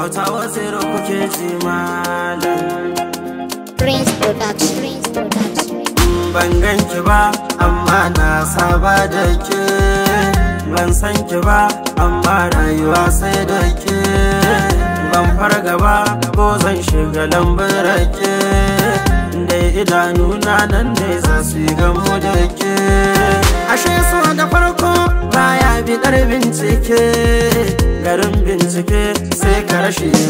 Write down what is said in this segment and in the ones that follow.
Hausawa zero kuke ji malam. Prince Production. Ban ganki ba, amma na saba da ke. Ban san ki ba, amma rayuwa sai da ke. Ban farga ba, ko zan shiga lambar rake. Dai idanuna nan dai za su yi gamu da ke. Ashe so da farko baya ɗar bincike, garin bincike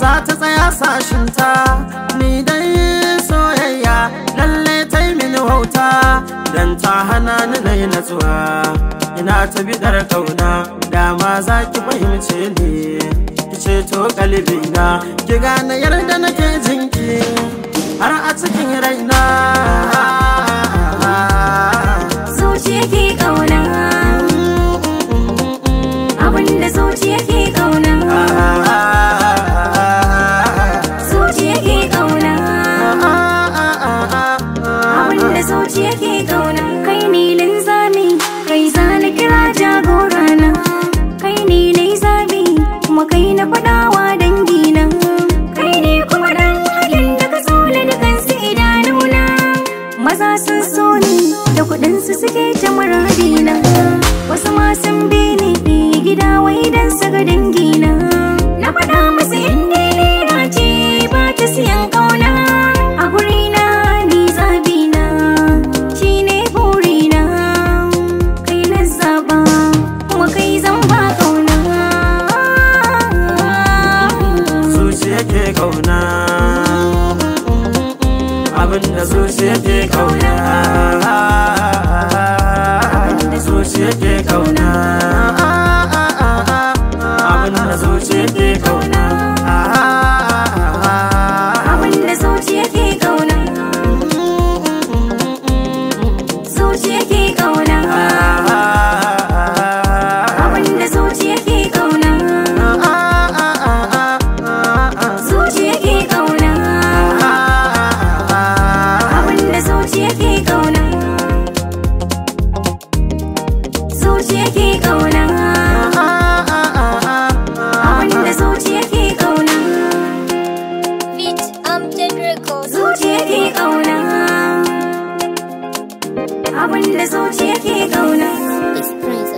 za ta tsaya sashinta ni dai soyayya lalle ta yi mini wauta dan ta hana ni na yi natsuwa ina ta bidar kauna dama za ki fahimce ni ki ceto kalbina ki gane yarda nake jinki har a cikin raina abin da zuciya ke kauya zuciya ke kauna abin da zuciya ke kauna zuciya ke kauna da zuciya ke kauna